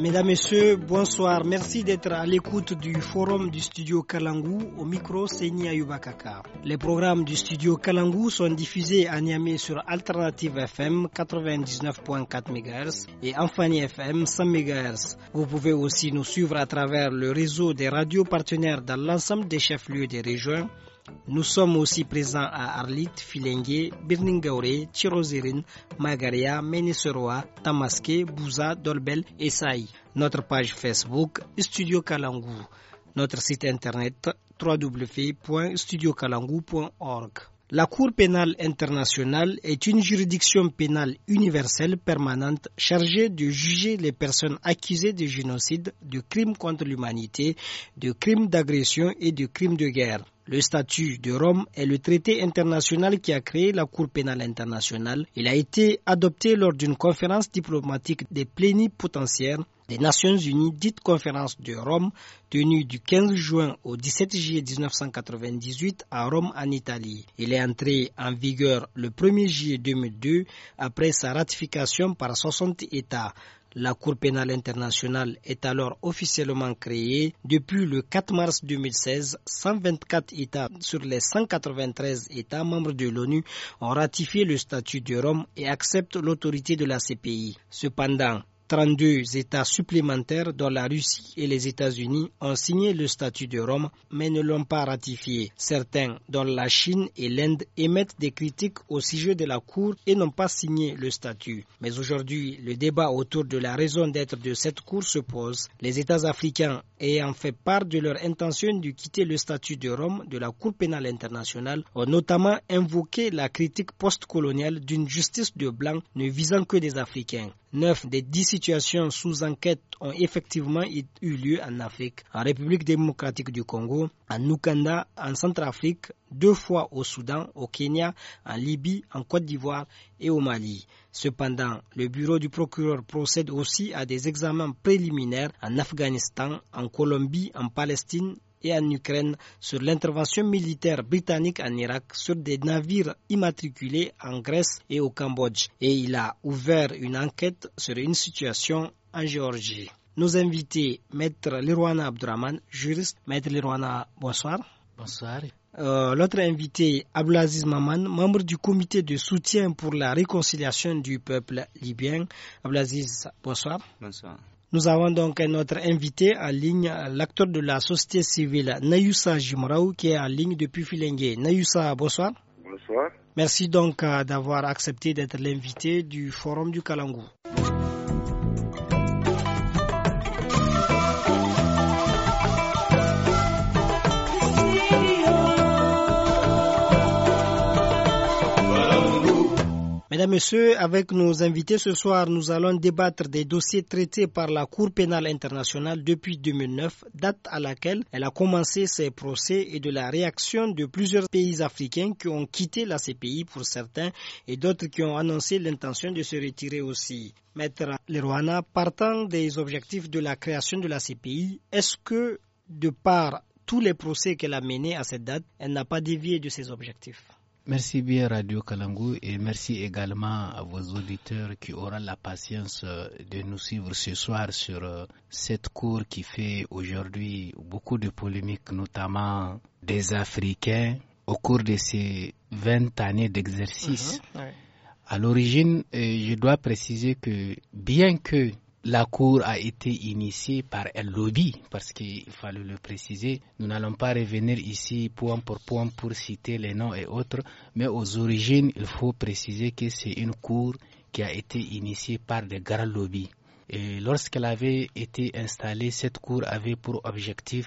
Mesdames, Messieurs, bonsoir. Merci d'être à l'écoute du forum du studio Kalangou. Au micro, Seni Yubakaka. Les programmes du studio Kalangou sont diffusés à Niamey sur Alternative FM 99.4 MHz et Enfani FM 100 MHz. Vous pouvez aussi nous suivre à travers le réseau des radios partenaires dans l'ensemble des chefs-lieux des régions nous sommes aussi présents à Arlit, Filengue, Birningaure, Tirozérine, Magaria, Ménisseroa, Tamaské, Bouza, Dolbel et Saï. Notre page Facebook Studio Kalangou. Notre site internet www.studiokalangu.org. La Cour pénale internationale est une juridiction pénale universelle permanente chargée de juger les personnes accusées de génocide, de crimes contre l'humanité, de crimes d'agression et de crimes de guerre. Le statut de Rome est le traité international qui a créé la Cour pénale internationale. Il a été adopté lors d'une conférence diplomatique des plénipotentiaires des Nations Unies, dite conférence de Rome, tenue du 15 juin au 17 juillet 1998 à Rome en Italie. Il est entré en vigueur le 1er juillet 2002 après sa ratification par 60 États. La Cour pénale internationale est alors officiellement créée. Depuis le 4 mars 2016, 124 États sur les 193 États membres de l'ONU ont ratifié le statut de Rome et acceptent l'autorité de la CPI. Cependant, 32 États supplémentaires dont la Russie et les États-Unis ont signé le statut de Rome mais ne l'ont pas ratifié. Certains, dont la Chine et l'Inde, émettent des critiques au sujet de la Cour et n'ont pas signé le statut. Mais aujourd'hui, le débat autour de la raison d'être de cette Cour se pose. Les États africains ayant fait part de leur intention de quitter le statut de Rome de la Cour pénale internationale ont notamment invoqué la critique postcoloniale d'une justice de blanc ne visant que des Africains. Neuf des dix situations sous enquête ont effectivement eu lieu en Afrique, en République démocratique du Congo, en Ouganda, en Centrafrique, deux fois au Soudan, au Kenya, en Libye, en Côte d'Ivoire et au Mali. Cependant, le bureau du procureur procède aussi à des examens préliminaires en Afghanistan, en Colombie, en Palestine, et en Ukraine sur l'intervention militaire britannique en Irak sur des navires immatriculés en Grèce et au Cambodge et il a ouvert une enquête sur une situation en Géorgie. Nos invités, Maître Lerouana Abdurrahman, juriste. Maître Lerouana, bonsoir. Bonsoir. Euh, l'autre invité, Abdelaziz Maman, membre du comité de soutien pour la réconciliation du peuple libyen. Abdelaziz, bonsoir. Bonsoir. Nous avons donc notre invité en ligne, l'acteur de la société civile, Nayusa Jimraou, qui est en ligne depuis Filengue. Nayusa, bonsoir. Bonsoir. Merci donc euh, d'avoir accepté d'être l'invité du Forum du Kalangou. Monsieur, avec nos invités ce soir, nous allons débattre des dossiers traités par la Cour pénale internationale depuis 2009, date à laquelle elle a commencé ses procès et de la réaction de plusieurs pays africains qui ont quitté la CPI pour certains et d'autres qui ont annoncé l'intention de se retirer aussi. Maître Lerouana, partant des objectifs de la création de la CPI, est-ce que, de par tous les procès qu'elle a menés à cette date, elle n'a pas dévié de ses objectifs Merci bien Radio Kalangu et merci également à vos auditeurs qui auront la patience euh, de nous suivre ce soir sur euh, cette cour qui fait aujourd'hui beaucoup de polémiques, notamment des Africains au cours de ces 20 années d'exercice. Mhm, à l'origine, euh, je dois préciser que bien que la Cour a été initiée par un lobby, parce qu'il fallait le préciser. Nous n'allons pas revenir ici point pour point pour citer les noms et autres, mais aux origines, il faut préciser que c'est une Cour qui a été initiée par des grands lobbies. Et lorsqu'elle avait été installée, cette Cour avait pour objectif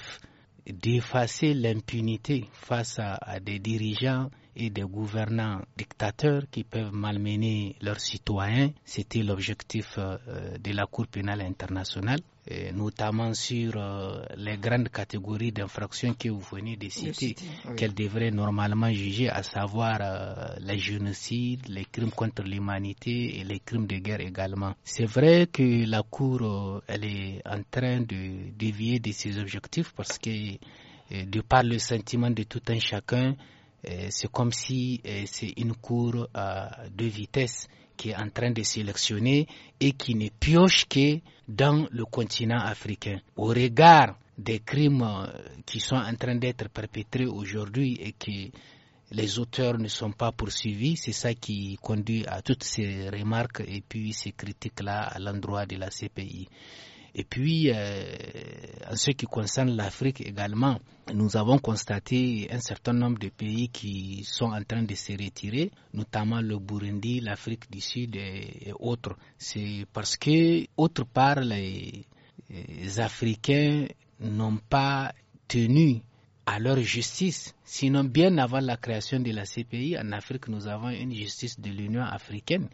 d'effacer l'impunité face à des dirigeants et des gouvernants dictateurs qui peuvent malmener leurs citoyens. C'était l'objectif euh, de la Cour pénale internationale. notamment sur euh, les grandes catégories d'infractions que vous venez de citer, qu'elle devrait normalement juger, à savoir euh, les génocides, les crimes contre l'humanité et les crimes de guerre également. C'est vrai que la Cour, elle est en train de dévier de ses objectifs parce que, de par le sentiment de tout un chacun, euh, c'est comme si euh, c'est une cour à euh, deux vitesses qui est en train de sélectionner et qui ne pioche que dans le continent africain. Au regard des crimes qui sont en train d'être perpétrés aujourd'hui et que les auteurs ne sont pas poursuivis, c'est ça qui conduit à toutes ces remarques et puis ces critiques-là à l'endroit de la CPI. Et puis, euh, en ce qui concerne l'Afrique également, nous avons constaté un certain nombre de pays qui sont en train de se retirer, notamment le Burundi, l'Afrique du Sud et, autres. C'est parce que, autre part, les Africains n'ont pas tenu à leur justice. Sinon, bien avant la création de la CPI, en Afrique, nous avons une justice de l'Union africaine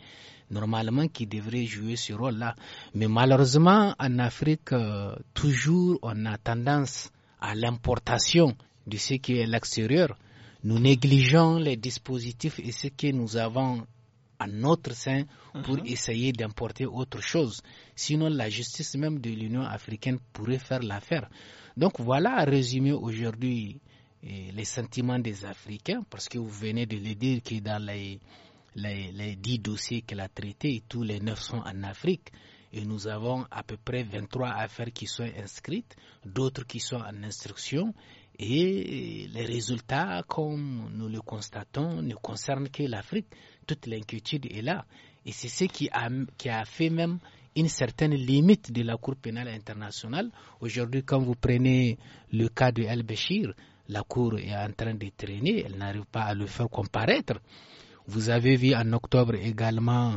normalement qui devrait jouer ce rôle-là. Mais malheureusement, en Afrique, euh, toujours on a tendance à l'importation de ce qui est l'extérieur. Nous négligeons les dispositifs et ce que nous avons à notre sein pour mhm. essayer d'importer autre chose. Sinon, la justice même de l'Union africaine pourrait faire l'affaire. Donc voilà à résumer aujourd'hui eh, les sentiments des Africains, parce que vous venez de le dire que dans les les, les 10 dossiers qu'elle a traités, tous les 9 sont en Afrique. Et nous avons à peu près 23 affaires qui sont inscrites, d'autres qui sont en instruction. Et les résultats, comme nous le constatons, ne concernent que l'Afrique. Toute l'inquiétude est là. Et c'est ce qui a, qui a fait même une certaine limite de la Cour pénale internationale. Aujourd'hui, quand vous prenez le cas de El-Béchir, la Cour est en train de traîner, elle n'arrive pas à le faire comparaître. Vous avez vu en octobre également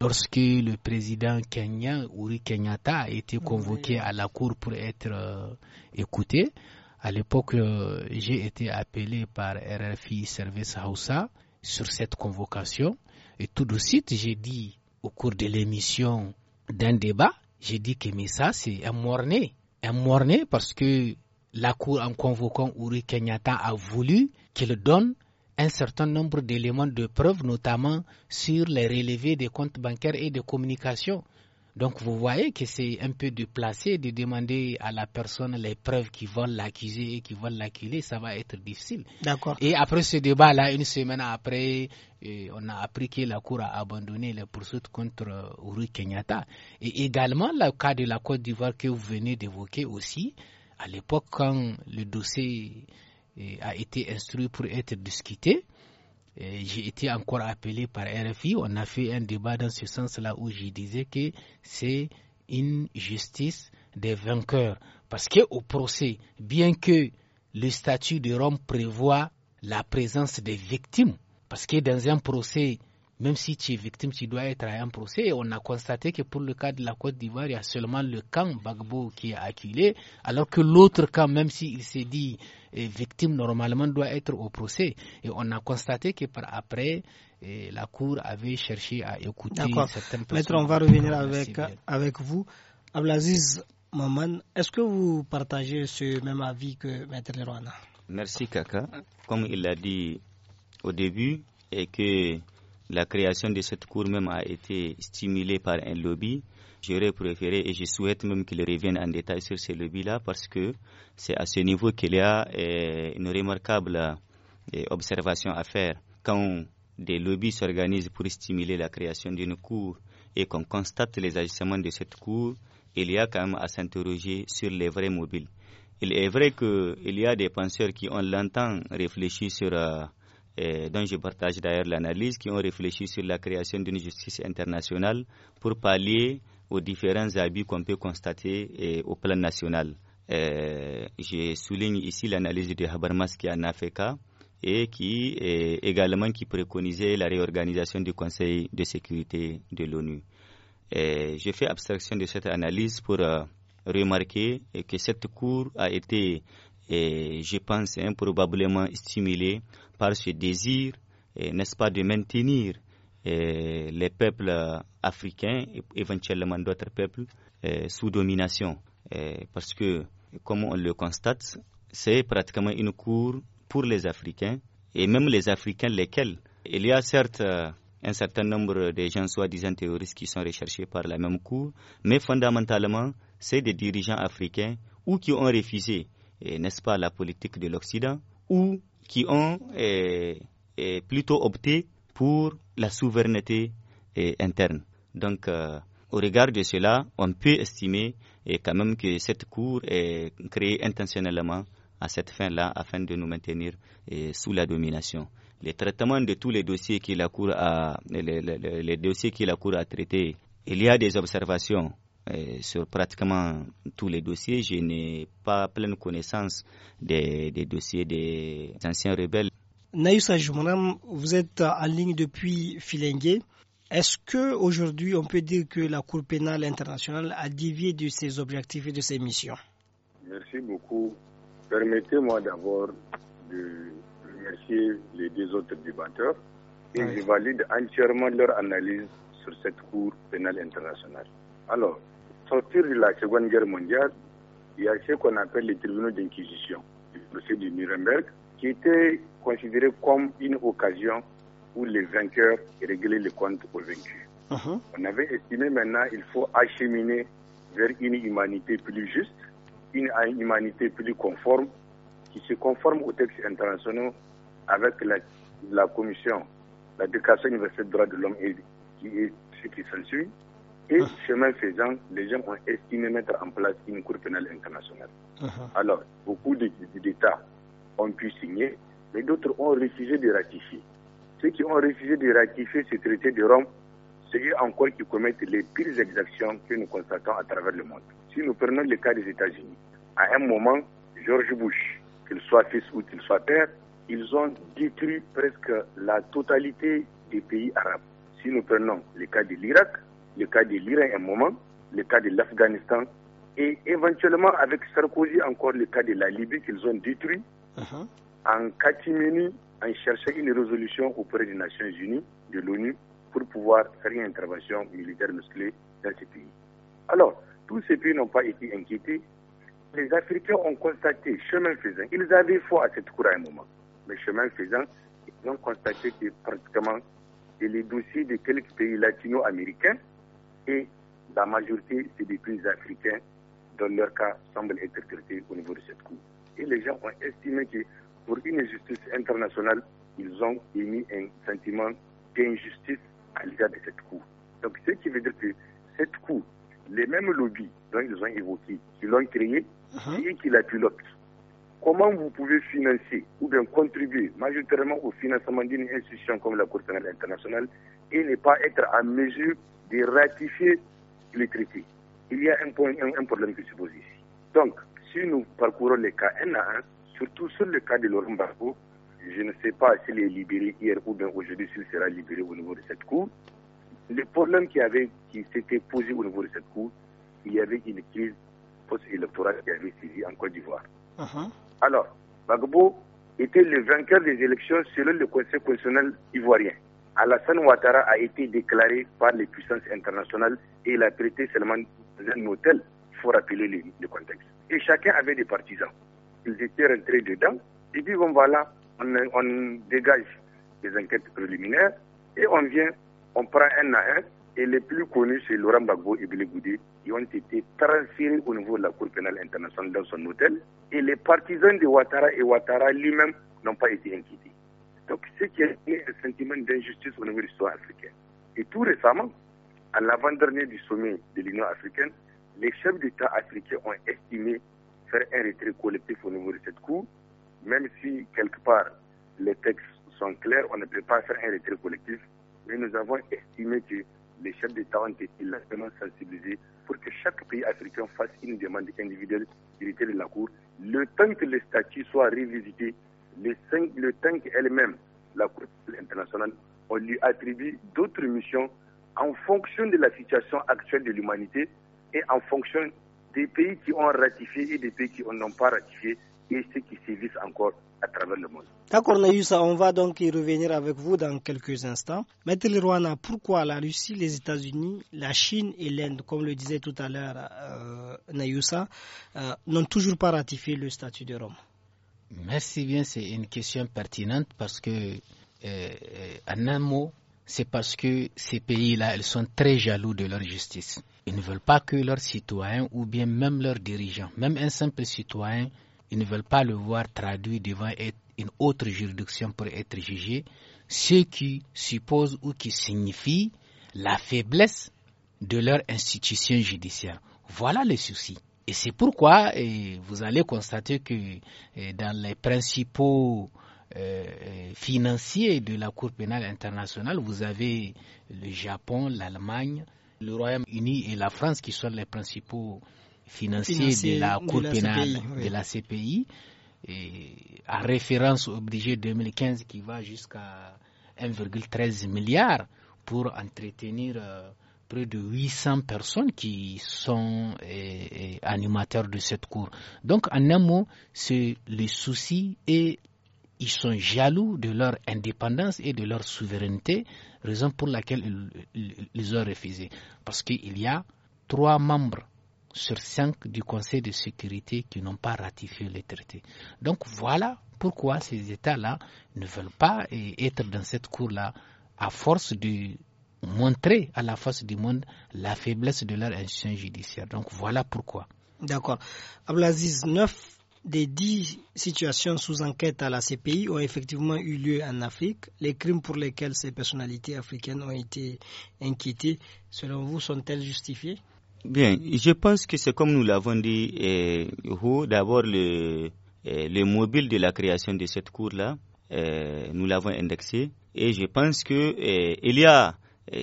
lorsque le président kenyan Uri Kenyatta a été convoqué à la cour pour être euh, écouté. À l'époque, euh, j'ai été appelé par RFI Service Hausa sur cette convocation et tout de suite j'ai dit au cours de l'émission d'un débat, j'ai dit que mais ça c'est un morné, un morné parce que la cour en convoquant Uri Kenyatta a voulu qu'il donne un certain nombre d'éléments de preuve, notamment sur les relevés des comptes bancaires et des communications. Donc vous voyez que c'est un peu déplacé de demander à la personne les preuves qui vont l'accuser et qui vont l'accuser. ça va être difficile. D'accord. Et après ce débat-là, une semaine après, euh, on a appris que la Cour a abandonné les poursuites contre Uri euh, Kenyatta. Et également le cas de la Côte d'Ivoire que vous venez d'évoquer aussi, à l'époque quand le dossier a été instruit pour être discuté. J'ai été encore appelé par RFI. On a fait un débat dans ce sens-là où je disais que c'est une justice des vainqueurs. Parce qu'au procès, bien que le statut de Rome prévoit la présence des victimes, parce que dans un procès, même si tu es victime, tu dois être à un procès. on a constaté que pour le cas de la Côte d'Ivoire, il y a seulement le camp Bagbo qui est acculé, alors que l'autre camp, même s'il s'est dit eh, victime, normalement doit être au procès. Et on a constaté que par après, eh, la Cour avait cherché à écouter certaines personnes. Maître, on va revenir avec, avec vous. Ablaziz Maman, est-ce que vous partagez ce même avis que Maître Leroy? Merci Kaka. Comme il l'a dit au début, et que la création de cette cour même a été stimulée par un lobby. J'aurais préféré et je souhaite même qu'il revienne en détail sur ce lobby-là parce que c'est à ce niveau qu'il y a eh, une remarquable eh, observation à faire. Quand des lobbies s'organisent pour stimuler la création d'une cour et qu'on constate les agissements de cette cour, il y a quand même à s'interroger sur les vrais mobiles. Il est vrai qu'il y a des penseurs qui, ont longtemps réfléchi sur euh, dont je partage d'ailleurs l'analyse, qui ont réfléchi sur la création d'une justice internationale pour pallier aux différents abus qu'on peut constater eh, au plan national. Eh, je souligne ici l'analyse de Habermas qui en a et qui eh, également qui préconisait la réorganisation du Conseil de sécurité de l'ONU. Je fais abstraction de cette analyse pour euh, remarquer que cette Cour a été et je pense, hein, probablement stimulé par ce désir, eh, n'est-ce pas, de maintenir eh, les peuples euh, africains et éventuellement d'autres peuples eh, sous domination. parce que, comme on le constate, c'est pratiquement une cour pour les Africains et même les Africains lesquels. Il y a certes euh, un certain nombre de gens soi-disant terroristes qui sont recherchés par la même cour, mais fondamentalement, c'est des dirigeants africains ou qui ont refusé n'est-ce pas, la politique de l'Occident, ou qui ont eh, eh, plutôt opté pour la souveraineté eh, interne. Donc, euh, au regard de cela, on peut estimer quand même que cette Cour est créée intentionnellement à cette fin-là, afin de nous maintenir sous la domination. Les traitements de tous les dossiers que la Cour a, les, les dossiers que la Cour a traités, il y a des observations euh, sur pratiquement tous les dossiers. Je n'ai pas pleine connaissance des, des dossiers des anciens rebelles. Naïssa Joumanam, vous êtes en ligne depuis Filengue. Est-ce que aujourd'hui on peut dire que la Cour pénale internationale a dévié de ses objectifs et de ses missions Merci beaucoup. Permettez-moi d'abord de remercier les deux autres débatteurs et valident je valide entièrement leur analyse sur cette Cour pénale internationale. Alors, sortir de la Seconde Guerre mondiale, il y a ce qu'on appelle les tribunaux d'inquisition, le procès de Nuremberg, qui était considéré comme une occasion où les vainqueurs réglaient les comptes aux vaincus. Uh-huh. On avait estimé maintenant il faut acheminer vers une humanité plus juste, une humanité plus conforme, qui se conforme aux textes internationaux avec la, Commission, la Déclaration universelle des droits de l'homme et qui est ce qui s'ensuit, et ah. chemin faisant, les gens ont estimé mettre en place une Cour pénale internationale. Ah, ah. Alors, beaucoup d'États ont pu signer, mais d'autres ont refusé de ratifier. Ceux qui ont refusé de ratifier ce traité de Rome, c'est eux encore qui commettent les pires exactions que nous constatons à travers le monde. Si nous prenons le cas des États-Unis, à un moment, George Bush, qu'il soit fils ou qu'il soit père, ils ont détruit presque la totalité des pays arabes. Si nous prenons le cas de l'Irak, le cas de l'Iran un moment, le cas de l'Afghanistan, et éventuellement avec Sarkozy encore le cas de la Libye qu'ils ont détruit, uh-huh. en catimini, en cherchant une résolution auprès des Nations Unies, de l'ONU, pour pouvoir faire une intervention militaire musclée dans ces pays. Alors, tous ces pays n'ont pas été inquiétés. Les Africains ont constaté, chemin faisant, ils avaient foi à cette cour à un moment, mais chemin faisant, ils ont constaté que pratiquement, et les dossiers de quelques pays latino-américains, et la majorité, c'est des pays africains dans leur cas semble être traité au niveau de cette Cour. Et les gens ont estimé que pour une justice internationale, ils ont émis un sentiment d'injustice à l'égard de cette Cour. Donc, ce qui veut dire que cette Cour, les mêmes lobbies dont ils ont évoqué, qui l'ont créée uh-huh. et qui la pilotent, comment vous pouvez financer ou bien contribuer majoritairement au financement d'une institution comme la Cour pénale internationale et ne pas être en mesure de ratifier le traité. Il y a un, point, un, problème qui se pose ici. Donc, si nous parcourons les cas un à un, surtout sur le cas de Laurent Barbeau, je ne sais pas s'il est libéré hier ou bien aujourd'hui s'il sera libéré au niveau de cette cour. Le problème qui, avait, qui s'était posé au niveau de cette cour, il y avait une crise post-électorale qui avait suivi en Côte d'Ivoire. Uh-huh. Alors, Bagbo était le vainqueur des élections selon le Conseil constitutionnel ivoirien. Alassane Ouattara a été déclaré par les puissances internationales et il a traité seulement dans un hôtel. Il faut rappeler le, contexte. Et chacun avait des partisans. Ils étaient rentrés dedans. Et puis, bon, voilà, on, dégage les enquêtes préliminaires et on vient, on prend un à un. Et les plus connus, c'est Laurent Bagbo et Billy Goudé, qui ont été transférés au niveau de la Cour pénale internationale dans son hôtel. Et les partisans de Ouattara et Ouattara lui-même n'ont pas été inquiétés. Donc, ce qui a le sentiment d'injustice au niveau de l'histoire africaine. Et tout récemment, à l'avant-dernier du sommet de l'Union africaine, les chefs d'État africains ont estimé faire un retrait collectif au niveau de cette Cour, même si quelque part les textes sont clairs, on ne peut pas faire un retrait collectif, mais nous avons estimé que les chefs d'État ont été largement sensibilisés pour que chaque pays africain fasse une demande individuelle qui de la Cour, le temps que les statuts soient revisités le, cinq tank elle-même, la Cour internationale, on lui attribue d'autres missions en fonction de la situation actuelle de l'humanité et en fonction des pays qui ont ratifié et des pays qui n'ont pas ratifié et ceux qui sévissent encore à travers le monde. D'accord, Nayoussa, on va donc y revenir avec vous dans quelques instants. Maître Rouana, pourquoi la Russie, les États-Unis, la Chine et l'Inde, comme le disait tout à l'heure euh, Nayoussa, euh, n'ont toujours pas ratifié le statut de Rome Merci bien, c'est une question pertinente parce que, euh, euh, en un mot, c'est parce que ces pays-là, ils sont très jaloux de leur justice. Ils ne veulent pas que leurs citoyens ou bien même leurs dirigeants, même un simple citoyen, ils ne veulent pas le voir traduit devant une autre juridiction pour être jugé, ce qui suppose ou qui signifie la faiblesse de leur institution judiciaire. Voilà le souci. Et c'est pourquoi euh, vous allez constater que euh, dans les principaux euh, financiers de la Cour pénale internationale, vous avez le Japon, l'Allemagne, le Royaume-Uni et la France qui sont les principaux financiers de la Cour pénale de la CPI, et à référence au budget 2015 qui va jusqu'à 1,13 milliard pour entretenir près de 800 personnes qui sont eh, eh, animateurs de cette cour. Donc, en un mot, c'est les soucis et ils sont jaloux de leur indépendance et de leur souveraineté, raison pour laquelle ils, ils ont refusé. Parce qu'il y a trois membres sur cinq du Conseil de sécurité qui n'ont pas ratifié les traités. Donc voilà pourquoi ces États-là ne veulent pas eh, être dans cette cour-là à force de montrer à la face du monde la faiblesse de leur institution judiciaire. Donc voilà pourquoi. D'accord. Ablaziz, 9 des 10 situations sous enquête à la CPI ont effectivement eu lieu en Afrique. Les crimes pour lesquels ces personnalités africaines ont été inquiétées, selon vous, sont-elles justifiées Bien, je pense que c'est comme nous l'avons dit, eh, d'abord le, eh, le, mobile de la création de cette cour-là, eh, nous l'avons indexé. Et je pense que eh, il y a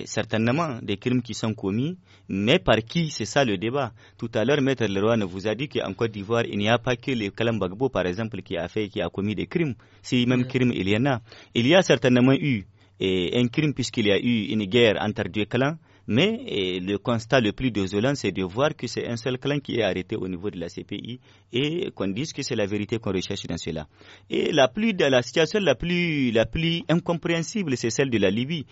certainement des crimes qui sont commis, mais par qui C'est ça le débat. Tout à l'heure, Maître Leroy vous a dit qu'en Côte d'Ivoire, il n'y a pas que le Bagbo par exemple, qui a fait, qui a commis des crimes. Si même crimes il y en a. Il y a certainement eu un crime puisqu'il y a eu une guerre entre deux clans. Mais eh, le constat le plus désolant, c'est de voir que c'est un seul clan qui est arrêté au niveau de la CPI et qu'on dise que c'est la vérité qu'on recherche dans cela. Et la, plus, la situation la plus, la plus incompréhensible, c'est celle de la Libye,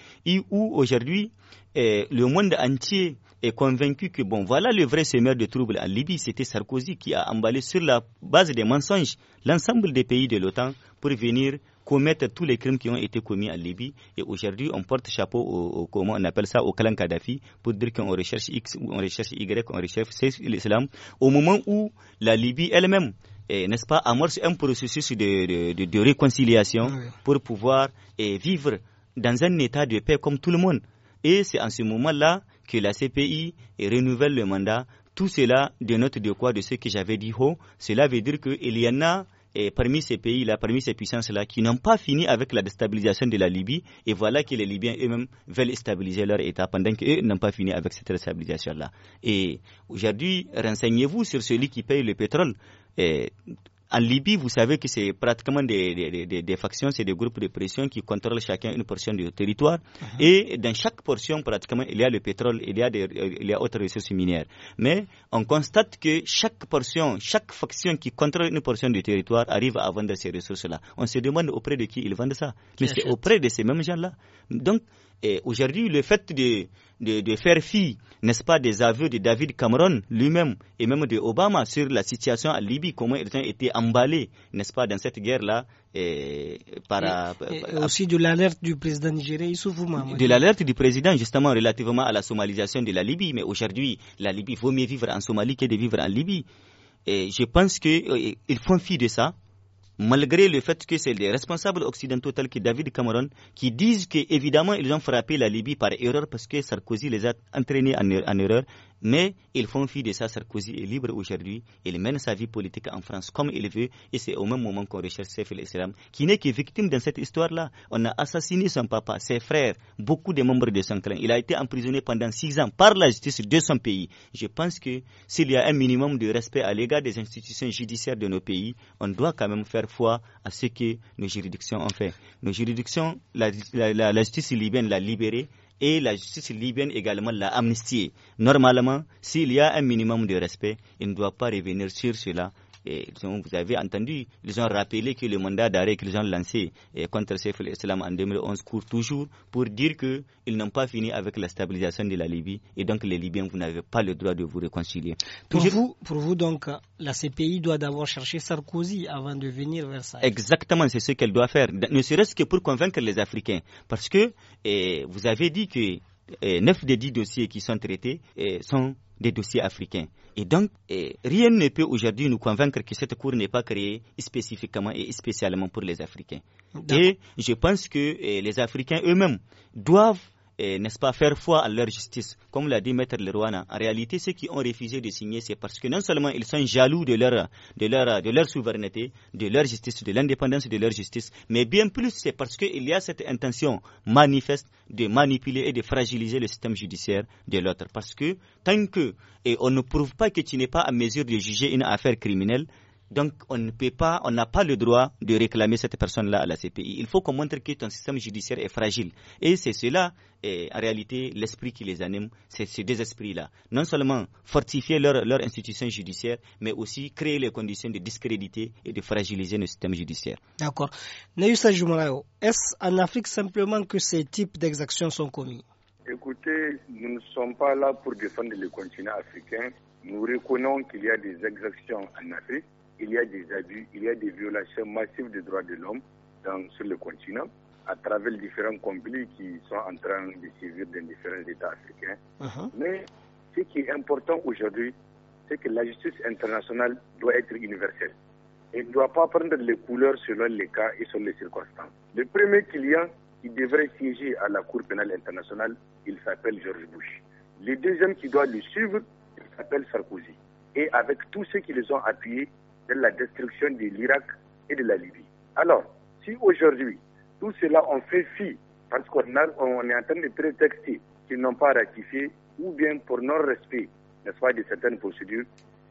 où aujourd'hui, eh, le monde entier est convaincu que, bon, voilà le vrai semeur de troubles en Libye, c'était Sarkozy qui a emballé sur la base des mensonges l'ensemble des pays de l'OTAN pour venir commettre tous les crimes qui ont été commis en Libye. Et aujourd'hui, on porte chapeau au, comment on appelle ça, au clan Kadhafi, pour dire qu'on recherche X ou on recherche Y, on recherche l'islam, au moment où la Libye elle-même eh, n'est-ce pas, amorce un processus de, de, réconciliation pour pouvoir et eh, vivre dans un état de paix comme tout le monde. Et c'est en ce moment-là que la CPI eh, renouvelle le mandat. Tout cela dénote de quoi De ce que j'avais dit haut. Cela veut dire qu'il y en a et parmi ces pays-là, parmi ces puissances-là, qui n'ont pas fini avec la déstabilisation de la Libye. Et voilà que les Libyens eux-mêmes veulent stabiliser leur État pendant qu'eux n'ont pas fini avec cette déstabilisation là Et aujourd'hui, renseignez-vous sur celui qui paye le pétrole. En Libye, vous savez que c'est pratiquement des, des, des, des factions, c'est des groupes de pression qui contrôlent chacun une portion du territoire. Uh-huh. Et dans chaque portion, pratiquement, il y a le pétrole, il y a, des, il y a autres ressources minières. Mais on constate que chaque portion, chaque faction qui contrôle une portion du territoire arrive à vendre ces ressources-là. On se demande auprès de qui ils vendent ça. Mais c'est auprès de ces mêmes gens-là. Donc, aujourd'hui, le fait de, de, faire fi, n'est-ce pas, des aveux de David Cameron lui-même et même de Obama sur la situation en Libye, comment ils ont été emballés, n'est-ce pas, dans cette guerre-là, par, aussi de l'alerte du président nigérien De l'alerte du président justement relativement à la somalisation de la Libye, mais aujourd'hui, la Libye vaut mieux vivre en Somalie que de vivre en Libye. Et je pense qu'ils euh, font fi de ça malgré le fait que c'est les responsables occidentaux tels que David Cameron qui disent que évidemment ils ont frappé la Libye par erreur parce que Sarkozy les a entraînés en er-, erreur mais ils font fi de ça. Sarkozy est libre aujourd'hui. Il mène sa vie politique en France comme il veut. Et c'est au même moment qu'on recherche Saif el-Islam, qui n'est que victime dans cette histoire-là. On a assassiné son papa, ses frères, beaucoup de membres de son clan. Il a été emprisonné pendant six ans par la justice de son pays. Je pense que s'il y a un minimum de respect à l'égard des institutions judiciaires de nos pays, on doit quand même faire foi à ce que nos juridictions ont fait. Nos juridictions, la, la justice libyenne l'a libéré et la justice libyenne également l'a amnistié. Normalement, s'il y a un minimum de respect, il ne doit pas revenir sur cela vous avez entendu, ils ont rappelé que le mandat d'arrêt qu'ils ont lancé eh, contre Saif al-Islam en 2011 court toujours pour dire qu'ils n'ont pas fini avec la stabilisation de la Libye et donc les Libyens, vous n'avez pas le droit de vous réconcilier. Pour, vous, pour vous, donc, la CPI doit d'abord chercher Sarkozy avant de venir vers ça. Exactement, c'est ce qu'elle doit faire, ne serait-ce que pour convaincre les Africains. Parce que eh, vous avez dit que 9 eh, des 10 dossiers qui sont traités sont des dossiers africains. Et donc, eh, rien ne peut aujourd'hui nous convaincre que cette Cour n'est pas créée spécifiquement et spécialement pour les Africains. Et je pense que eh, les Africains eux-mêmes doivent n'est-ce pas, faire foi à leur justice. Comme l'a dit Maître Lerouana, en réalité, ceux qui ont refusé de signer, c'est parce que non seulement ils sont jaloux de leur, de leur, de leur souveraineté, de leur justice, de l'indépendance de leur justice, mais bien plus, c'est parce qu'il y a cette intention manifeste de manipuler et de fragiliser le système judiciaire de l'autre. Parce que tant que et on ne prouve pas que tu n'es pas à mesure de juger une affaire criminelle, donc, on ne peut on n'a pas le droit de réclamer cette personne-là à la CPI. Il faut qu'on montre que ton système judiciaire est fragile. Et c'est cela, en réalité, l'esprit qui les anime, c'est ces deux esprits-là. Non seulement fortifier leur, institution judiciaire, mais aussi créer les conditions de discréditer et de fragiliser le système judiciaire. D'accord. Naïssa est-ce en Afrique simplement que ces types d'exactions sont commis Écoutez, nous ne sommes pas là pour défendre le continent africain. Nous reconnaissons qu'il y a des exactions en Afrique, il y a des abus, il y a des violations massives des droits de l'homme sur le continent à travers les différents conflits qui sont en train de sévir dans différents États africains. Uh-huh. Mais ce qui est important aujourd'hui, c'est que la justice internationale doit être universelle. Elle ne doit pas prendre les couleurs selon les cas et selon les circonstances. Le premier client qui devrait siéger à la Cour pénale internationale, il s'appelle George Bush. Le deuxième qui doit le suivre, il s'appelle Sarkozy. Et avec tous ceux qui les ont appuyés, la destruction de l'Irak et de la Libye. Alors, si aujourd'hui, tout cela on fait fi, parce qu'on on est en train de prétexter qu'ils n'ont pas ratifié, ou bien pour non-respect, n'est-ce pas, de certaines procédures,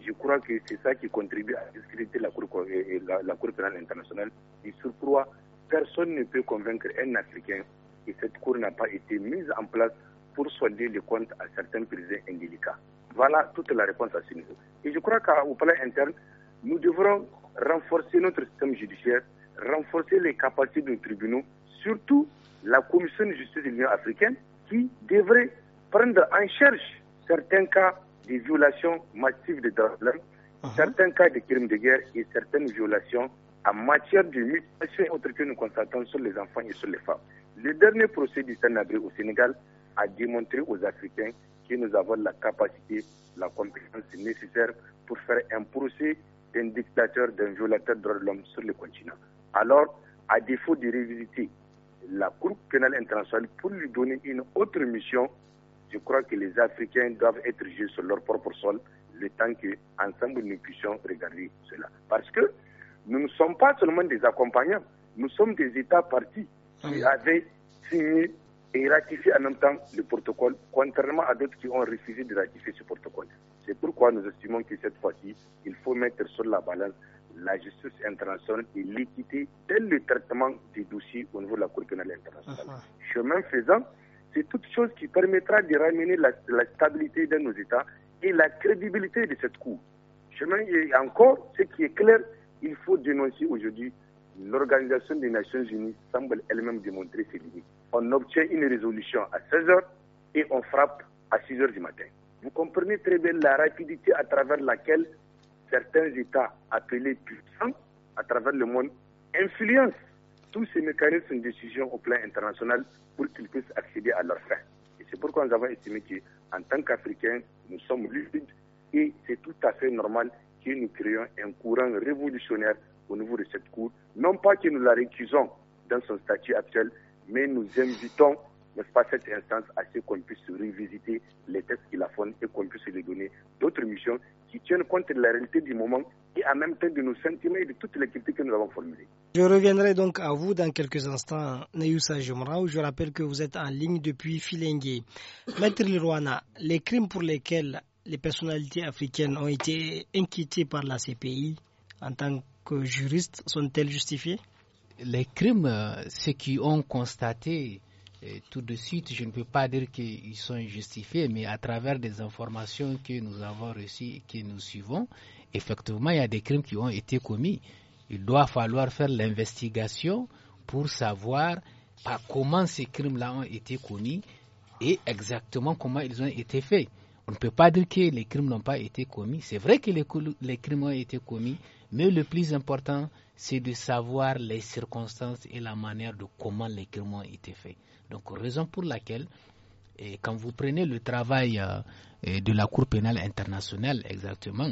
je crois que c'est ça qui contribue à discréditer la Cour, euh, euh, cour pénale internationale. Et sur quoi personne ne peut convaincre un Africain que cette Cour n'a pas été mise en place pour soigner les comptes à certains prisonniers indélicats. Voilà toute la réponse à ce niveau. Et je crois qu'au plan interne, nous devrons renforcer notre système judiciaire, renforcer les capacités de nos tribunaux, surtout la Commission de justice de l'Union africaine qui devrait prendre en charge certains cas de violations massives des droits de l'homme, uh-huh. certains cas de crimes de guerre et certaines violations en matière de mutilation entre que nous constatons sur les enfants et sur les femmes. Le dernier procès du au Sénégal a démontré aux Africains que nous avons la capacité, la compétence nécessaire pour faire un procès d'un dictateur, d'un violateur de de l'homme sur le continent. Alors, à défaut de révisiter la Cour pénale internationale pour lui donner une autre mission, je crois que les Africains doivent être jugés sur leur propre sol le temps qu'ensemble nous puissions regarder cela. Parce que nous ne sommes pas seulement des accompagnants, nous sommes des États partis qui avaient signé et ratifié en même temps le protocole, contrairement à d'autres qui ont refusé de ratifier ce protocole. C'est pourquoi nous estimons que cette fois-ci, il faut mettre sur la balance la justice internationale et l'équité tel le traitement des dossiers au niveau de la Cour pénale internationale. Chemin faisant, c'est toute chose qui permettra de ramener la, stabilité de nos États et la crédibilité de cette Cour. Chemin et encore, ce qui est clair, il faut dénoncer aujourd'hui l'Organisation des Nations Unies semble elle-même démontrer ses limites. On obtient une résolution à 16 h et on frappe à 6 h du matin. Vous comprenez très bien la rapidité à travers laquelle certains États appelés puissants à travers le monde influencent tous ces mécanismes de décision au plan international pour qu'ils puissent accéder à leurs fins. Et c'est pourquoi nous avons estimé qu'en tant qu'Africains, nous sommes lucides et c'est tout à fait normal que nous créions un courant révolutionnaire au niveau de cette Cour. Non pas que nous la récusons dans son statut actuel, mais nous invitons n'est-ce pas, cette instance à ce qu'on puisse revisiter les textes qu'il a font et qu'on puisse lui donner d'autres missions qui tiennent compte de la réalité du moment et en même temps de nos sentiments et de toutes les critiques que nous avons formulées. Je reviendrai donc à vous dans quelques instants, Neyoussa Jumraou. je rappelle que vous êtes en ligne depuis Filengue. Maître Lirouana, les crimes pour lesquels les personnalités africaines ont été inquiétées par la CPI en tant que juristes sont-elles justifiées Les crimes, euh, ceux qui ont constaté tout de suite, je ne peux pas dire qu'ils sont injustifiés, mais à travers des informations que nous avons reçues, et que nous suivons, effectivement, il y a des crimes qui ont été commis. Il doit falloir faire l'investigation pour savoir par comment ces crimes-là ont été commis et exactement comment ils ont été faits. On ne peut pas dire que les crimes n'ont pas été commis. C'est vrai que les crimes ont été commis, mais le plus important, c'est de savoir les circonstances et la manière de comment les crimes ont été faits. Donc, raison pour laquelle, et quand vous prenez le travail euh, de la Cour pénale internationale, exactement,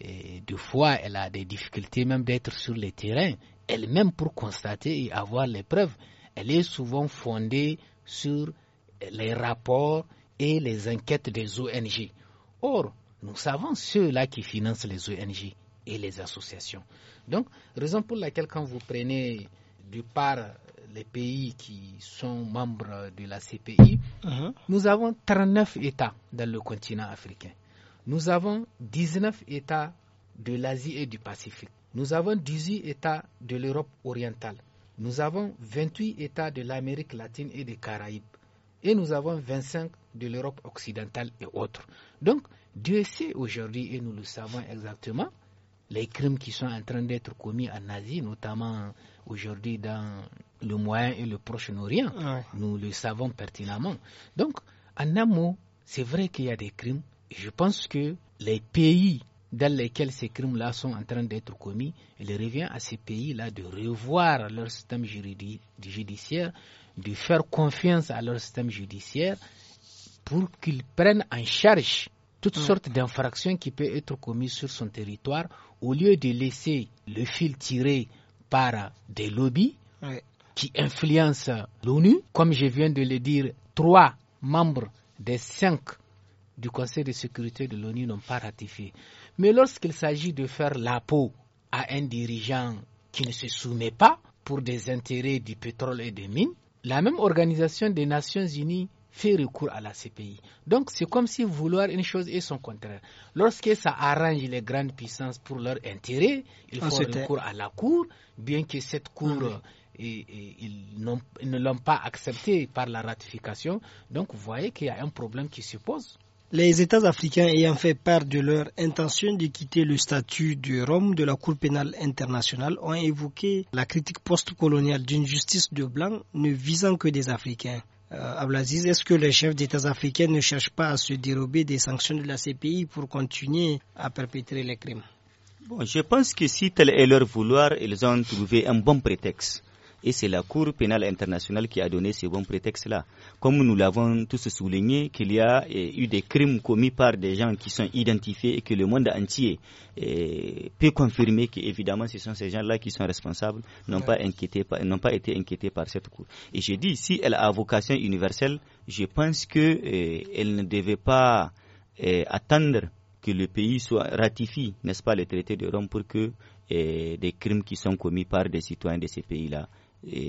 et deux fois, elle a des difficultés même d'être sur le terrain, elle-même pour constater et avoir les preuves. Elle est souvent fondée sur les rapports et les enquêtes des ONG. Or, nous savons ceux-là qui financent les ONG et les associations. Donc, raison pour laquelle quand vous prenez du part les pays qui sont membres de la CPI, uh-huh. nous avons 39 États dans le continent africain. Nous avons 19 États de l'Asie et du Pacifique. Nous avons 18 États de l'Europe orientale. Nous avons 28 États de l'Amérique latine et des Caraïbes. Et nous avons 25 de l'Europe occidentale et autres. Donc, Dieu sait aujourd'hui, et nous le savons exactement, les crimes qui sont en train d'être commis en Asie, notamment aujourd'hui dans le Moyen et le Proche-Orient. Nous le savons pertinemment. Donc, en un mot, c'est vrai qu'il y a des crimes. je pense que les pays dans lesquels ces crimes-là sont en train d'être commis, il revient à ces pays-là de revoir leur système judiciaire, de faire confiance à leur système judiciaire pour qu'ils prennent en charge toutes sortes d'infractions qui peuvent être commises sur son territoire au lieu de laisser le fil tiré par des lobbies, qui influence l'ONU. Comme je viens de le dire, trois membres des cinq du Conseil de sécurité de l'ONU n'ont pas ratifié. Mais lorsqu'il s'agit de faire la peau à un dirigeant qui ne se soumet pas pour des intérêts du pétrole et des mines, la même organisation des Nations Unies fait recours à la CPI. Donc c'est comme si vouloir une chose et son contraire. Lorsque ça arrange les grandes puissances pour leurs intérêts, il ah, faut recours à la Cour, bien que cette Cour... Ah et, ils, ne l'ont pas accepté par la ratification. Donc vous voyez qu'il y a un problème qui se pose. Les États africains ayant fait part de leur intention de quitter le statut de Rome de la Cour pénale internationale ont évoqué la critique post-coloniale d'une justice de blanc ne visant que des Africains. Euh, Ablaziz, est-ce que les chefs d'États africains ne cherchent pas à se dérober des sanctions de la CPI pour continuer à perpétrer les crimes je pense que si tel est leur vouloir, ils ont trouvé un bon prétexte. Et c'est la Cour pénale internationale qui a donné ce bon prétexte-là. Comme nous l'avons tous souligné, qu'il y a eh, eu des crimes commis par des gens qui sont identifiés et que le monde entier eh, peut confirmer qu'évidemment ce sont ces gens-là qui sont responsables, n'ont pas, été inquiétés par cette Cour. Et j'ai dit, si elle a vocation universelle, je pense qu'elle eh, ne devait pas attendre que le pays soit ratifie, n'est-ce pas, le traité de Rome pour que des crimes qui sont commis par des citoyens de ces pays-là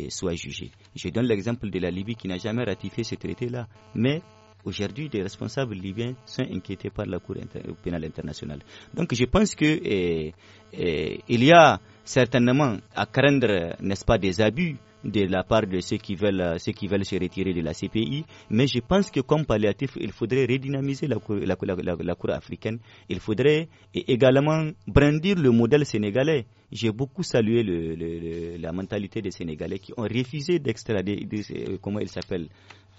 soit jugé. Je donne l'exemple de la Libye qui n'a jamais ratifié ce traité-là, mais Aujourd'hui, des responsables libyens sont inquiétés par la Cour pénale internationale. Donc, je pense que eh, eh, il y a certainement à craindre, n'est-ce pas, des abus de la part de ceux qui veulent, qui se retirer de la CPI. Mais je pense que comme palliatif, il faudrait redynamiser la cour, la, cour africaine. Il faudrait également brandir le modèle sénégalais. J'ai beaucoup salué la mentalité des Sénégalais qui ont refusé d'extrader, euh, comment il s'appelle,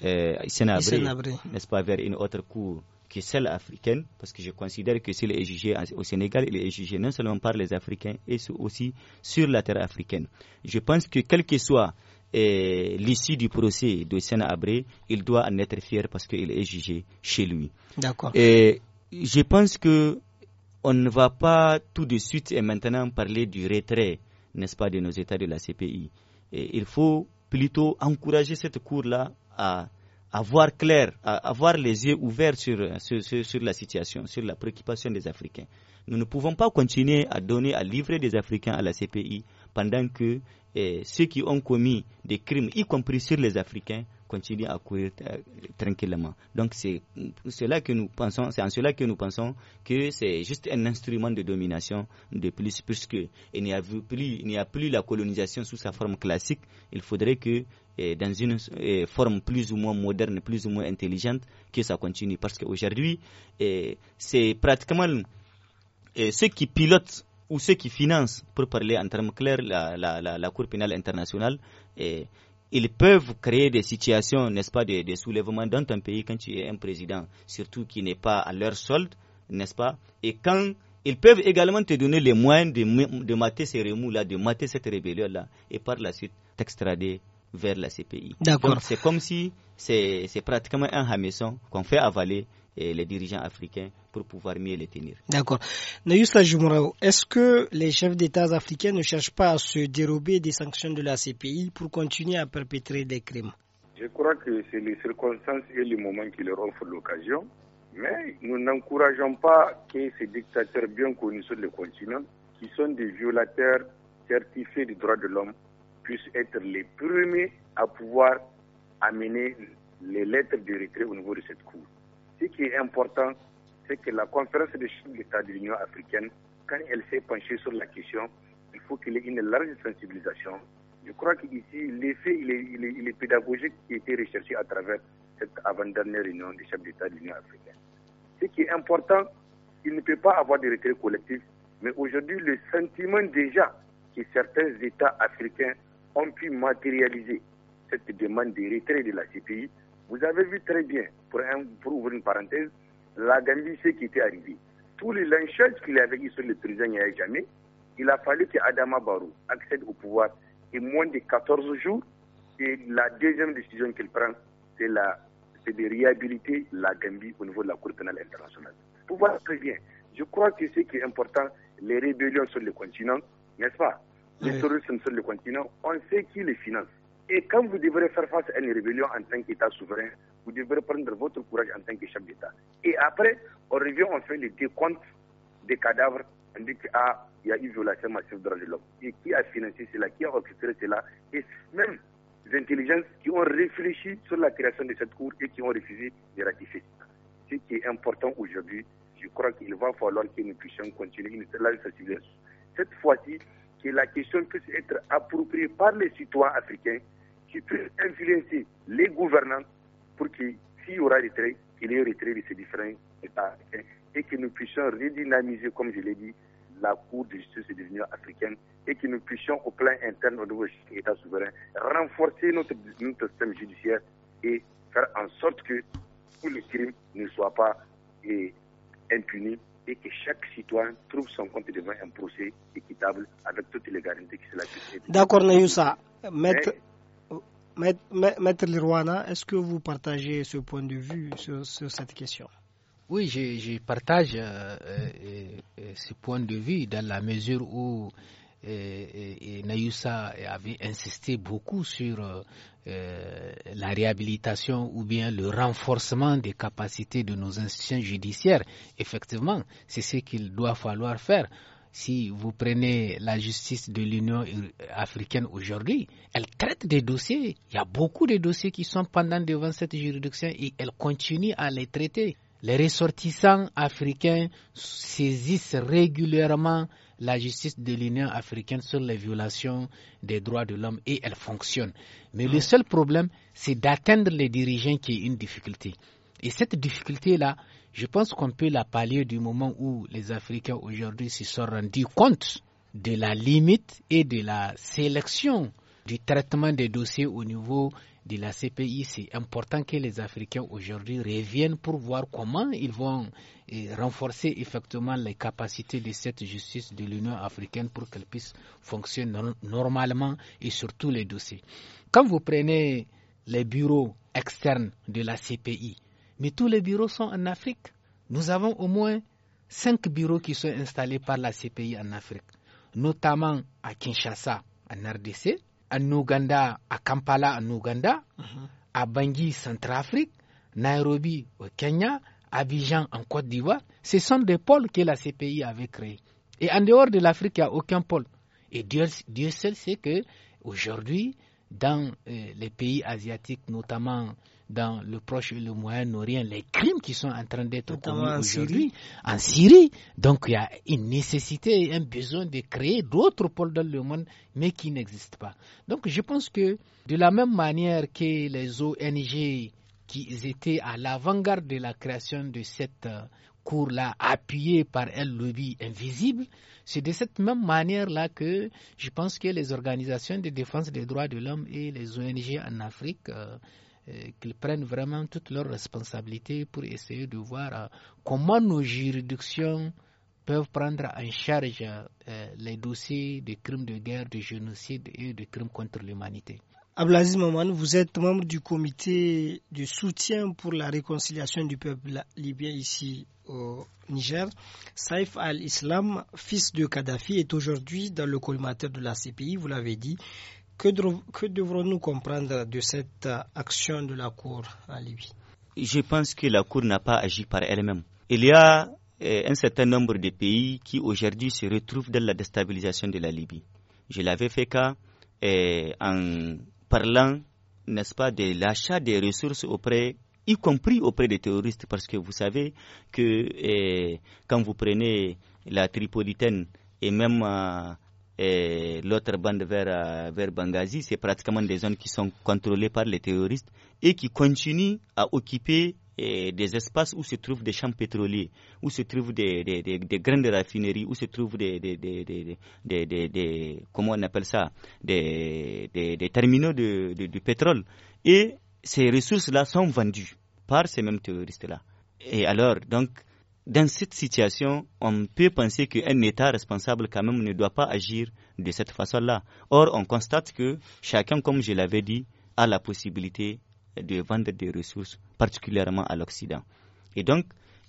euh, Sénabré, n'est-ce pas, vers une autre cour que celle africaine, parce que je considère que s'il est jugé au Sénégal, il est jugé non seulement par les Africains, et aussi sur la terre africaine. Je pense que quel que soit euh, l'issue du procès de Sénabré, il doit en être fier parce qu'il est jugé chez lui. D'accord. Et je pense que on ne va pas tout de suite et maintenant parler du retrait, n'est-ce pas, de nos États de la CPI. Et il faut plutôt encourager cette cour-là à, avoir clair, à avoir les yeux ouverts euh, sur, sur, la situation, sur la préoccupation des Africains. Nous ne pouvons pas continuer à donner, à livrer des Africains à la CPI pendant que eh, ceux qui ont commis des crimes, y compris sur les Africains, continue à courir euh, tranquillement. Donc c'est cela que nous pensons, c'est en cela que nous pensons que c'est juste un instrument de domination de plus, puisque il n'y a plus, il n'y a plus la colonisation sous sa forme classique. Il faudrait que euh, dans une euh, forme plus ou moins moderne, plus ou moins intelligente, que ça continue. Parce qu'aujourd'hui, c'est pratiquement ceux qui pilotent ou ceux qui financent, pour parler en termes clairs, la, la, Cour pénale internationale, ils peuvent créer des situations, n'est-ce pas, de, soulèvements soulèvement dans ton pays quand tu es un président, surtout qui n'est pas à leur solde, n'est-ce pas Et quand ils peuvent également te donner les moyens de, de mater ces remous-là, de mater cette rébellion-là, et par la suite t'extrader vers la CPI. D'accord. C'est comme si c'est pratiquement un hameçon qu'on fait avaler et les dirigeants africains pour pouvoir mieux les tenir. D'accord. Nayusla Jumurao, est-ce que les chefs d'État africains ne cherchent pas à se dérober des sanctions de la CPI pour continuer à perpétrer des crimes Je crois que c'est les circonstances et les moments qui leur offrent l'occasion. Mais nous n'encourageons pas que ces dictateurs bien connus sur le continent, qui sont des violateurs certifiés des droits de l'homme, puissent être les premiers à pouvoir amener les lettres de retrait au niveau de cette Cour ce qui est important, c'est que la conférence des chefs d'État de l'Union africaine, quand elle s'est penchée sur la question, il faut qu'il y ait une large sensibilisation. Je crois qu'ici, l'effet, il, est, pédagogique qui a été recherché à travers cette avant-dernière réunion des chefs d'État de l'Union africaine. Ce qui est important, il ne peut pas avoir de retrait collectif, mais aujourd'hui, le sentiment déjà que certains États africains ont pu matérialiser cette demande de retrait de la CPI vous avez vu très bien, pour, un, ouvrir une parenthèse, la Gambie, ce qui était arrivé. Tous les lynchages qu'il avait eu sur le président n'y avait jamais. Il a fallu que Adama Barou accède au pouvoir et moins de 14 jours. Et la deuxième décision qu'il prend, c'est la c'est de réhabiliter la Gambie au niveau de la Cour pénale internationale. Pour voir très bien. Je crois que ce qui est important, les rébellions sur le continent, n'est-ce pas Les terroristes sur le continent, on sait qui les finance. Et quand vous devrez faire face à une rébellion en tant qu'État souverain, vous devrez prendre votre courage en tant que chef d'État. Et après, on revient, enfin fait le décompte des cadavres, on dit qu'il ah, y a eu violation massive de l'homme. Et qui a financé cela, qui a orchestré cela, et même les intelligences qui ont réfléchi sur la création de cette cour et qui ont refusé de ratifier Ce qui est important aujourd'hui, je crois qu'il va falloir que nous puissions continuer une telle Cette fois-ci, que la question puisse être appropriée par les citoyens africains qui peut influencer les gouvernants pour que, s'il y aura retrait, qu'il y ait retrait de ces différents États et que nous puissions redynamiser, comme je l'ai dit, la Cour de justice de l'Union africaine et que nous puissions, au plan interne, au niveau des États souverains, renforcer notre, système judiciaire et faire en sorte que tous les crimes ne soient pas et, eh, et que chaque citoyen trouve son compte devant un procès équitable avec toutes les garanties qui sont D'accord, Nayoussa. Maître, Maître Lirwana, est-ce que vous partagez ce point de vue sur, cette question Oui, je, partage euh, euh, euh, ce point de vue dans la mesure où et, Nayusa avait insisté beaucoup sur la réhabilitation ou bien le renforcement des capacités de nos institutions judiciaires. Effectivement, c'est ce qu'il doit falloir faire. Si vous prenez la justice de l'Union africaine aujourd'hui, elle traite des dossiers. Il y a beaucoup de dossiers qui sont pendant devant cette juridiction et elle continue à les traiter. Les ressortissants africains saisissent régulièrement la justice de l'Union africaine sur les violations des droits de l'homme et elle fonctionne. Mais le ah. seul problème, c'est d'atteindre les dirigeants qui ont une difficulté. Et cette difficulté-là, je pense qu'on peut la pallier du moment où les Africains aujourd'hui se sont rendus compte de la limite et de la sélection du traitement des dossiers au niveau de la CPI, c'est important que les Africains aujourd'hui reviennent pour voir comment ils vont eh, renforcer effectivement les capacités de cette justice de l'Union africaine pour qu'elle puisse fonctionner normalement et surtout les dossiers. Quand vous prenez les bureaux externes de la CPI, mais tous les bureaux sont en Afrique. Nous avons au moins cinq bureaux qui sont installés par la CPI en Afrique, notamment à Kinshasa, en RDC, en Ouganda, à Kampala, en Ouganda, mhm. à Bangui, Centrafrique, Nairobi, au Kenya, à Abidjan, en Côte d'Ivoire. Ce sont des pôles que la CPI avait créés. Et en dehors de l'Afrique, il n'y a aucun pôle. Et Dieu, seul sait que aujourd'hui, dans euh, les pays asiatiques, notamment dans le Proche et le Moyen-Orient, les crimes qui sont en train d'être commis aujourd'hui en Syrie. Donc il y a une nécessité et un besoin de créer d'autres pôles dans le monde, mais qui n'existent pas. Donc je pense que de la même manière que les ONG qui étaient à l'avant-garde de la création de cette euh, cour là appuyée par un lobby invisible. C'est de cette même manière-là que je pense que les organisations de défense des droits de l'homme et les ONG en Afrique euh, euh, qu'ils prennent vraiment toutes leurs responsabilités pour essayer de voir euh, comment nos juridictions peuvent prendre en charge euh, les dossiers de crimes de guerre, de génocide et de crimes contre l'humanité. Ablaziz Maman, vous êtes membre du comité de soutien pour la réconciliation du peuple libyen ici au Niger. Saif al-Islam, fils de Kadhafi, est aujourd'hui dans le collimateur de la CPI, vous l'avez dit. Que, devrons-nous comprendre de cette euh, action de la Cour en Libye Je pense que la Cour n'a pas agi par elle-même. Il y a euh, un certain nombre de pays qui aujourd'hui se retrouvent dans la déstabilisation de la Libye. Je l'avais fait cas euh, en parlant, n'est-ce pas, de l'achat des ressources auprès y compris auprès des terroristes, parce que vous savez que quand vous prenez la Tripolitaine et même l'autre bande vers, vers Benghazi, c'est pratiquement des zones qui sont contrôlées par les terroristes et qui continuent à occuper des espaces où se trouvent des champs pétroliers, où se trouvent des, des, grandes raffineries, où se trouvent des, des, comment on appelle ça, des, terminaux de, de, pétrole. Et ces ressources-là sont vendues par ces mêmes terroristes-là. Et alors, donc, dans cette situation, on peut penser qu'un État responsable quand même ne doit pas agir de cette façon-là. Or, on constate que chacun, comme je l'avais dit, a la possibilité de vendre des ressources, particulièrement à l'Occident. Et donc,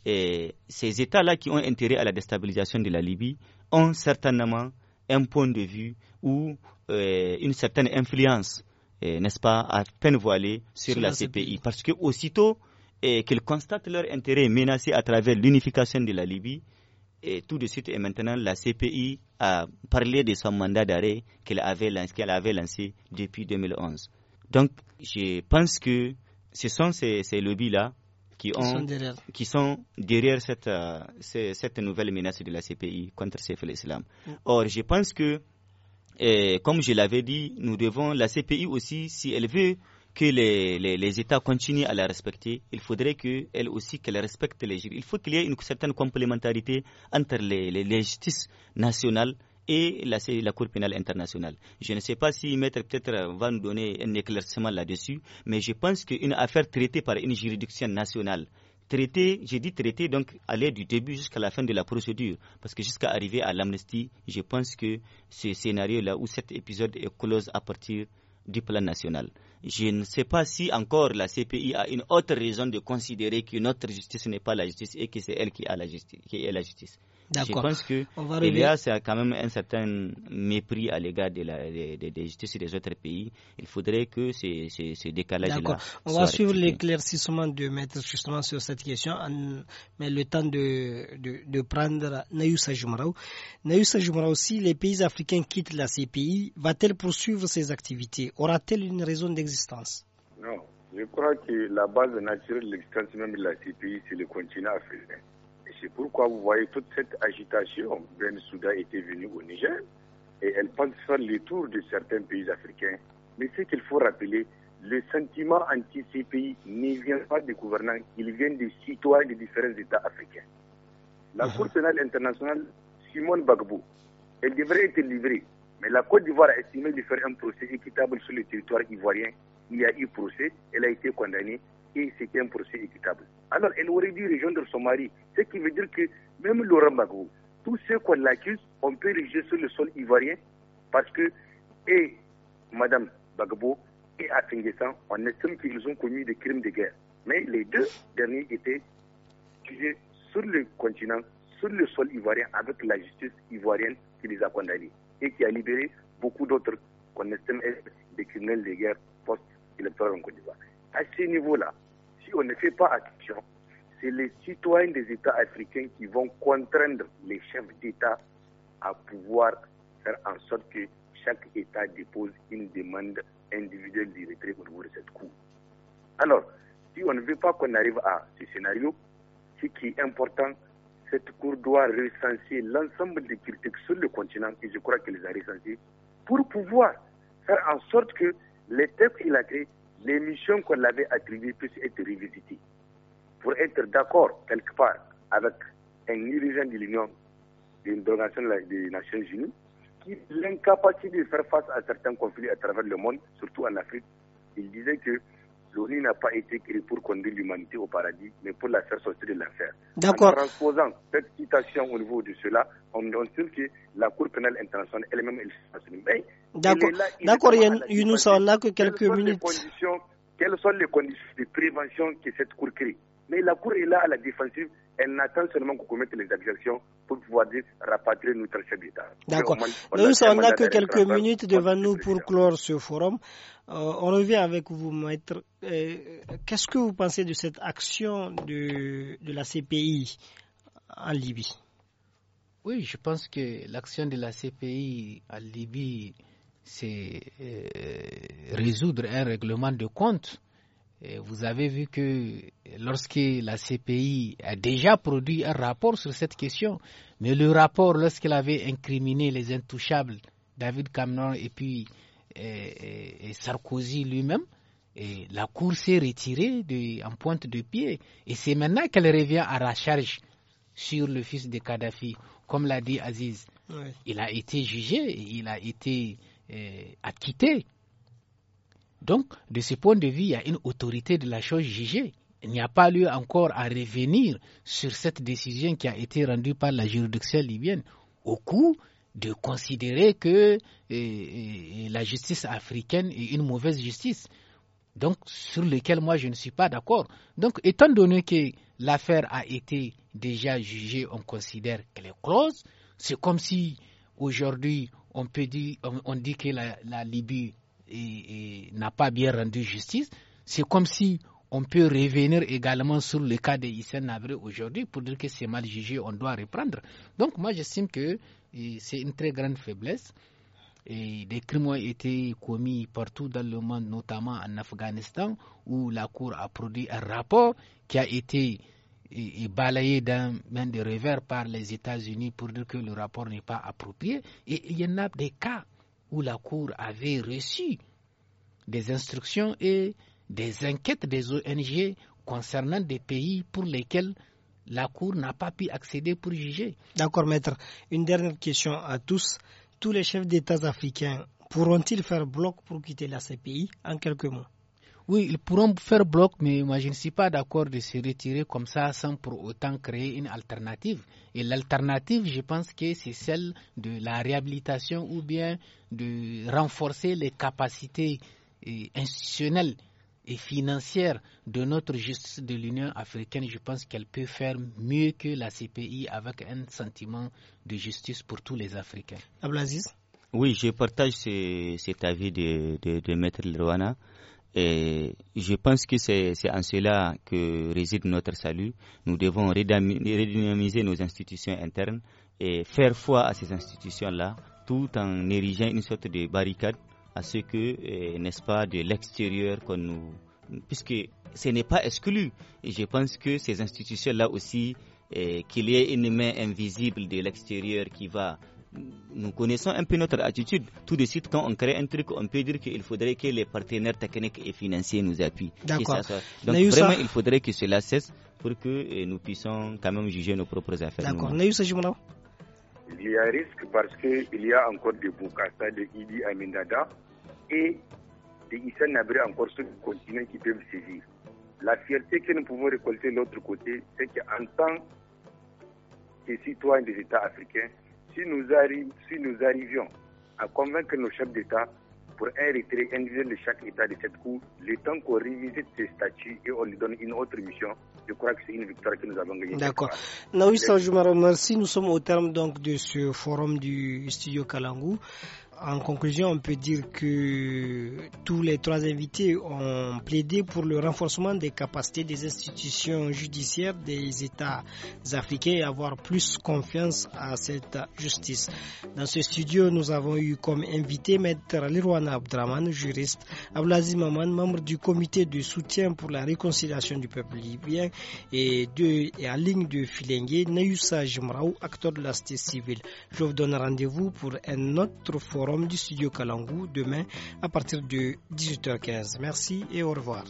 eh, ces États-là qui ont intérêt à la déstabilisation de la Libye ont certainement un point de vue ou eh, une certaine influence, eh, n'est-ce pas, à peine voilée sur, la, CPI. CPI. Parce que aussitôt et qu'ils constatent leur intérêt menacé à travers l'unification de la Libye. Et tout de suite et maintenant, la CPI a parlé de son mandat d'arrêt qu'elle avait, qu'elle avait lancé depuis 2011. Donc, je pense que ce sont ces, lobbies-là qui, sont derrière, qui sont derrière cette, euh, nouvelle menace de la CPI contre Saif islam mm. Or, je pense que, comme je l'avais dit, nous devons, la CPI aussi, si elle veut que les, États continuent à la respecter, il faudrait qu'elle aussi qu'elle respecte les juridictions. Il faut qu'il y ait une certaine complémentarité entre les, les justices nationales et la, Cour pénale internationale. Je ne sais pas si Maître peut-être va nous donner un éclaircissement là-dessus, mais je pense qu'une affaire traitée par une juridiction nationale, traitée, j'ai dit traitée donc aller du début jusqu'à la fin de la procédure, parce que jusqu'à arriver à l'amnistie, je pense que ce scénario-là ou cet épisode est close à partir du plan national. Je ne sais pas si encore la CPI a une autre raison de considérer que notre justice n'est pas la justice et que c'est elle qui, a la justice, qui est la justice. Je pense que il y a quand même un certain mépris à l'égard de la des autres pays. Il faudrait que ce, décalage-là. On va suivre l'éclaircissement de maître justement sur cette question, mais le temps de, prendre Nayusa Ajumarao. Nayusa si les pays africains quittent la CPI, va-t-elle poursuivre ses activités Aura-t-elle une raison d'existence Non. Je crois que la base naturelle de l'existence même de la CPI, c'est le continent africain. C'est pourquoi vous voyez toute cette agitation. Ben Souda était venu au Niger et elle pense faire le tour de certains pays africains. Mais ce qu'il faut rappeler, le sentiment anti ces pays ne vient pas des gouvernants, il vient des citoyens de différents États africains. La mhm. Cour pénale internationale, Simone Bagbo, elle devrait être livrée. Mais la Côte d'Ivoire a estimé de faire un procès équitable sur le territoire ivoirien. Il y a eu procès, elle a été condamnée et c'était un procès équitable. Alors elle aurait dû rejoindre son mari, ce qui veut dire que même Laurent Bagbo, tous ceux qu'on l'accuse, on peut les sur le sol ivoirien parce que et Madame Bagbo et Atingessan, on estime qu'ils ont commis des crimes de guerre. Mais les deux derniers étaient jugés sur le continent, sur le sol ivoirien, avec la justice ivoirienne qui les a condamnés et qui a libéré beaucoup d'autres qu'on estime être des criminels de guerre post-électoraux en Côte d'Ivoire. À ce niveau-là, on ne fait pas action, c'est les citoyens des États africains qui vont contraindre les chefs d'État à pouvoir faire en sorte que chaque État dépose une demande individuelle de retrait au niveau de cette Cour. Alors, si on ne veut pas qu'on arrive à ce scénario, ce qui est important, cette Cour doit recenser l'ensemble des critiques sur le continent, et je crois qu'elle les a recensées, pour pouvoir faire en sorte que les textes qu'il a créés les missions qu'on l'avait attribuées puissent être revisitées pour être d'accord quelque part avec un dirigeant de l'Union, d'une organisation des Nations Unies, qui l'incapacité de faire face à certains conflits à travers le monde, surtout en Afrique. Il disait que l'ONU n'a pas été créée pour conduire l'humanité au paradis, mais pour la faire sortir de l'enfer. D'accord. En transposant cette citation au niveau de cela, on sûr que la Cour pénale internationale elle-même, elle se D'accord. D'accord, nous on n'a que quelques minutes. quelles sont les conditions de prévention que cette Cour crée Mais la Cour est là à la défensive elle n'attend seulement qu'on commette les exactions pour pouvoir dire rapatrier notre chef D'accord. Nous, on que quelques minutes devant nous pour clore ce forum. Euh, on revient avec vous, maître. Euh, qu'est-ce que vous pensez de cette action de, la CPI en Libye Oui, je pense que l'action de la CPI en Libye, c'est euh, résoudre un règlement de compte euh, vous avez vu que lorsque la CPI a déjà produit un rapport sur cette question, mais le rapport, lorsqu'elle avait incriminé les intouchables, David Cameron et puis euh, euh, Sarkozy lui-même, la Cour s'est retirée de, en pointe de pied. Et c'est maintenant qu'elle revient à la charge sur le fils de Kadhafi. Comme l'a dit Aziz, il a été jugé, il a été acquitté. Donc, de ce point de vue, il y a une autorité de la chose jugée. Il n'y a pas lieu encore à revenir sur cette décision qui a été rendue par la juridiction libyenne au coup de considérer que euh, euh, euh, la justice africaine est une mauvaise justice. Donc, sur lequel moi je ne suis pas d'accord. Donc, étant donné que l'affaire a été déjà jugée, on considère qu'elle est close. C'est comme si aujourd'hui on peut dire, on, dit que la Libye et, n'a pas bien rendu justice, c'est comme si on peut revenir également sur le cas de Hissène Nabré aujourd'hui pour dire que c'est mal jugé, on doit reprendre. Donc moi j'estime que eh, c'est une très grande faiblesse. Et des crimes ont été commis partout dans le monde, notamment en Afghanistan, où la Cour a produit un rapport qui a été eh, eh, balayé d'un main de revers par les États-Unis pour dire que le rapport n'est pas approprié. Et il y en a des cas où la Cour avait reçu des instructions et des enquêtes des ONG concernant des pays pour lesquels la Cour n'a pas pu accéder pour juger. D'accord, maître. Une dernière question à tous. Tous les chefs d'État africains pourront-ils faire bloc pour quitter la CPI en quelques mois oui, ils pourront faire bloc, mais moi je ne suis pas d'accord de se retirer comme ça sans pour autant créer une alternative. Et l'alternative, je pense que c'est celle de la réhabilitation ou bien de renforcer les capacités eh, institutionnelles et financières de notre justice de l'Union africaine, je pense qu'elle peut faire mieux que la CPI avec un sentiment de justice pour tous les Africains. Ablaziz Oui, je partage cet avis de, Maître et je pense que c'est en cela que réside notre salut. Nous devons redynamiser nos institutions internes et faire foi à ces institutions-là tout en érigeant une sorte de barricade à ce que, eh, n'est-ce pas, de l'extérieur qu'on nous... Puisque ce n'est pas exclu. Et je pense que ces institutions-là aussi, eh, qu'il y ait une main invisible de l'extérieur qui va nous connaissons un peu notre attitude. Tout de suite, quand on crée un truc, on peut dire qu'il faudrait que les partenaires techniques et financiers nous appuient. D'accord. Donc vraiment, il faudrait que cela cesse pour que eh, nous puissions quand même juger nos propres affaires. D'accord. Il y a un risque parce qu'il y a encore des Boukassa, de Idi Dada et des Issa Nabri encore sur le continent qui peuvent saisir. La fierté que nous pouvons récolter de l'autre côté, c'est qu'en tant que citoyens des États africains, si nous, arrivions à convaincre nos chefs d'État pour un retrait individuel de chaque État de cette Cour, le temps qu'on révisite ces statuts et on lui donne une autre mission, je crois que c'est une victoire que nous avons gagnée. D'accord. Naoui vous merci. Nous sommes au terme donc de ce forum du studio Kalangou. En conclusion, on peut dire que tous les trois invités ont plaidé pour le renforcement des capacités des institutions judiciaires des États africains et avoir plus confiance à cette justice. Dans ce studio, nous avons eu comme invité Maître Lirwana Abdraman, juriste, Ablazi Maman, membre du comité de soutien pour la réconciliation du peuple libyen et, de, en ligne de Filengue, Nayusa Jimraou, acteur de la société civile. Je vous donne rendez-vous pour un autre forum du studio Kalangou demain à partir de 18h15. Merci et au revoir.